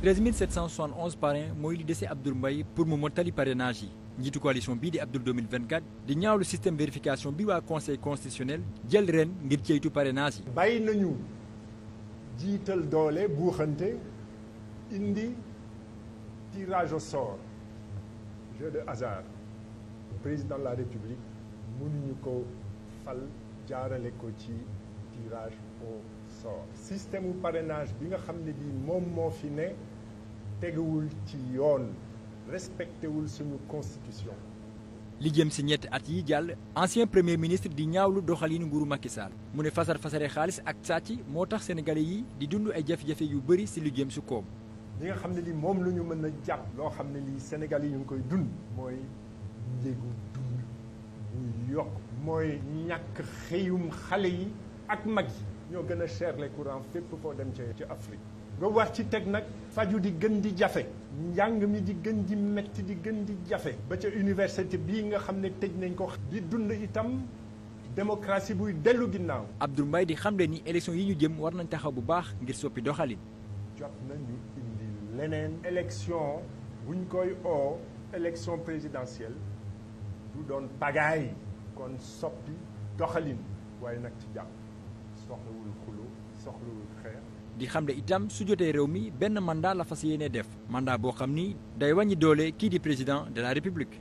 13 771 parrains mooy li dese Abdoul Mbaye pour mu mottali parrainage yi njiitu coalition bii di Abdoul 2024 di ñaawlu système vérification bi waa conseil constitutionnel jël ren ngir ceytu parrainage yi. bàyyi nañu jiital doole buuxante indi tirage au sort jeu président de la république mënuñu ko fal jaarale ko ci tirage au sort système parrainage bi nga xam ne bi moom moo fi ne. teguwul ci yoon respectéwul suñu constitution. li jëm si ñetti at yi jàll ancien premier ministre di ñaawlu doxalin nguuru Macky Sall mu ne fasar fasare xaalis ak sàcc moo tax sénégalais yi di dund ay jafe-jafe yu bëri si lu jëm si koom. li nga xam ne lii moom la ñu mën a jàpp loo xam ne lii Sénégal yi ñu ngi koy dund mooy njëgu dund muy yokk mooy ñàkk xëyum xale yi ak mag yi. ñoo gën a cher les courants fépp foo dem ci ci Afrique nga wax ci teg nag faju di gën di jafe njàng mi di gën di metti di gën di jafe ba ca université bii nga xam ne tëj nañ ko di dund itam démocratie buy dellu ginnaaw Abdoul mbay di xamle ni élection yi ñu jëm war nañ taxaw bu baax ngir soppi doxalin jot nañu indi leneen élection buñ koy oo élection présidentielle du doon pagaay kon soppi doxalin waaye nag ci jàmm soxlawul xulo soxlawul xeex di xamle itam su jotee réew mi benn mandat la fas yéene def mandat boo xam ni day wàññi doole kii di président de la république